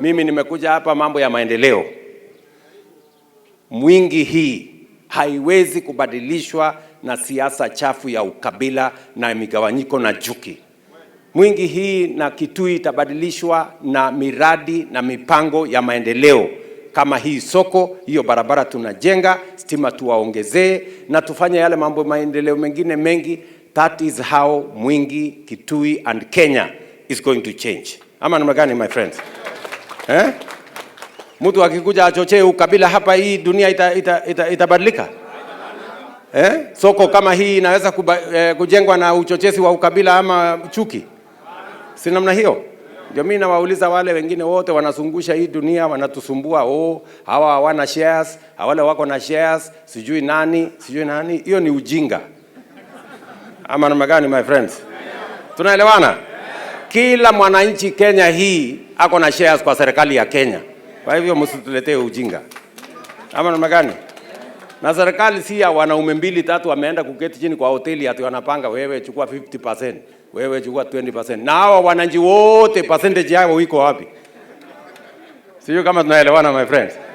Mimi nimekuja hapa mambo ya maendeleo. Mwingi hii haiwezi kubadilishwa na siasa chafu ya ukabila na migawanyiko na juki Mwingi hii na Kitui itabadilishwa na miradi na mipango ya maendeleo kama hii soko, hiyo barabara tunajenga, stima tuwaongezee, na tufanye yale mambo maendeleo mengine mengi. That is how Mwingi, Kitui and Kenya is going to change. Ama namna gani, my friends? eh? Mtu akikuja achochee ukabila hapa, hii dunia itabadilika ita, ita, ita eh? Soko kama hii inaweza eh, kujengwa na uchochezi wa ukabila ama chuki, si namna hiyo? Ndio mimi nawauliza wale wengine wote wanazungusha hii dunia wanatusumbua, oh, hawa hawana shares, hawale wako na shares, sijui nani sijui nani. Hiyo ni ujinga ama namna gani, my friends? Tunaelewana? Kila mwananchi Kenya hii ako na shares kwa serikali ya Kenya. Kwa hivyo msituletee ujinga, ama namna gani? Na serikali si ya wanaume mbili tatu wameenda kuketi chini kwa hoteli ati wanapanga, wewe chukua 50%, wewe chukua 20%. Na hawa wananchi wote percentage yao iko wapi? Sio kama tunaelewana my friends.